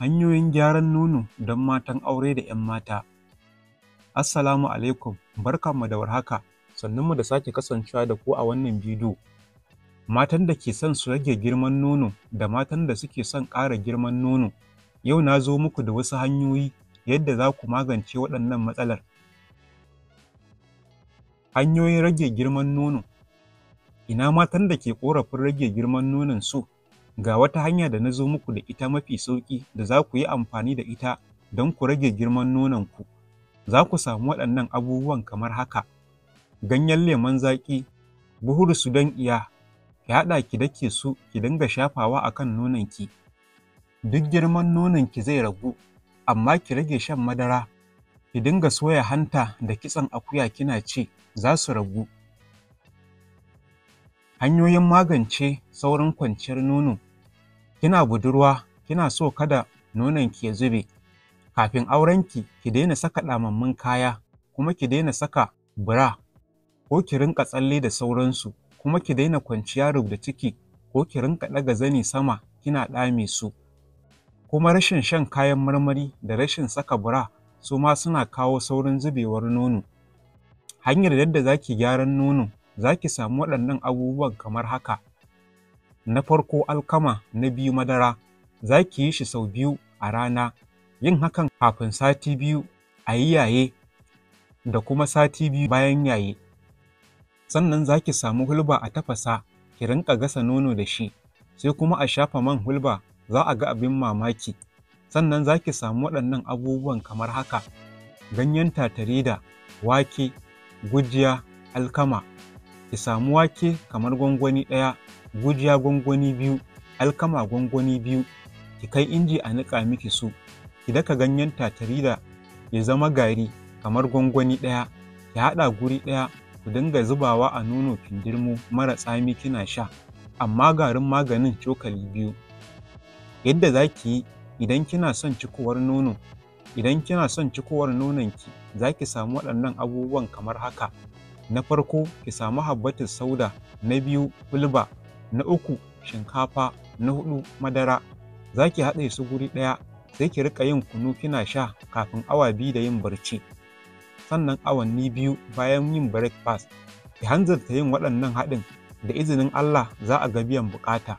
Hanyoyin gyaran nono don matan aure da ‘yan mata. Assalamu alaikum, mu da warhaka, sannunmu da sake kasancewa da ku a wannan bidiyo. Matan da ke son su rage girman nono da matan da suke son ƙara girman nono, yau na zo muku da wasu hanyoyi yadda za ku magance waɗannan matsalar. Hanyoyin rage girman nono. Ina matan da ke ƙorafin rage girman nonon su? Ga wata hanya da na zo muku da ita mafi sauƙi da za ku yi amfani da ita don ku rage girman nononku. Za ku samu waɗannan abubuwan kamar haka: ganyen lemon zaƙi, buhur don iya, ki haɗa ki dake su ki dinga shafawa a kan nononki. Duk girman nononki zai ragu, amma ki rage shan madara, ki dinga soya hanta da kitson akuya kina ce, za su ragu. hanyoyin magance saurin kwanciyar nono kina budurwa kina so kada nononki ya zube kafin aurenki ki daina saka ɗamammun kaya kuma ki daina saka bra ko ki rinka tsalle da sauransu kuma ki daina kwanciya rubda ciki ko ki rinka ɗaga zani sama kina ɗame su kuma rashin shan kayan marmari da rashin saka bra su ma suna kawo saurin zubewar nono hanyar yadda za ki gyaran nono za ki samu waɗannan abubuwan kamar haka na farko alkama na biyu madara za ki yi shi sau biyu a rana yin hakan kafin sati biyu a yi yaye da kuma sati biyu bayan yaye sannan za ki samu hulba a tafasa ki rinƙa gasa nono da shi sai kuma a shafa man hulba za a ga abin mamaki sannan za ki samu waɗannan abubuwan kamar haka ganyen da wake gujiya alkama ki samu wake kamar gwangwani ɗaya, gujiya gwangwani biyu, alkama gwangwani biyu, ki kai inji a niƙa miki su, ki daka ganyen tatarida ya zama gari kamar gwangwani ɗaya, ki haɗa guri ɗaya ku dinga zubawa a nono kindirmo mara tsami kina sha, amma garin maganin cokali biyu. Yadda za ki yi idan kina son cikowar nono Idan kina son cikowar nononki, za ki samu waɗannan abubuwan kamar haka: na farko ki samu habbatus sauda na biyu fulba na uku shinkafa na hudu madara za ki haɗe su guri ɗaya sai ki riƙa yin kunu kina sha kafin awa biyu da yin barci sannan awanni biyu bayan yin breakfast ki hanzarta yin waɗannan haɗin da izinin Allah za a ga biyan buƙata.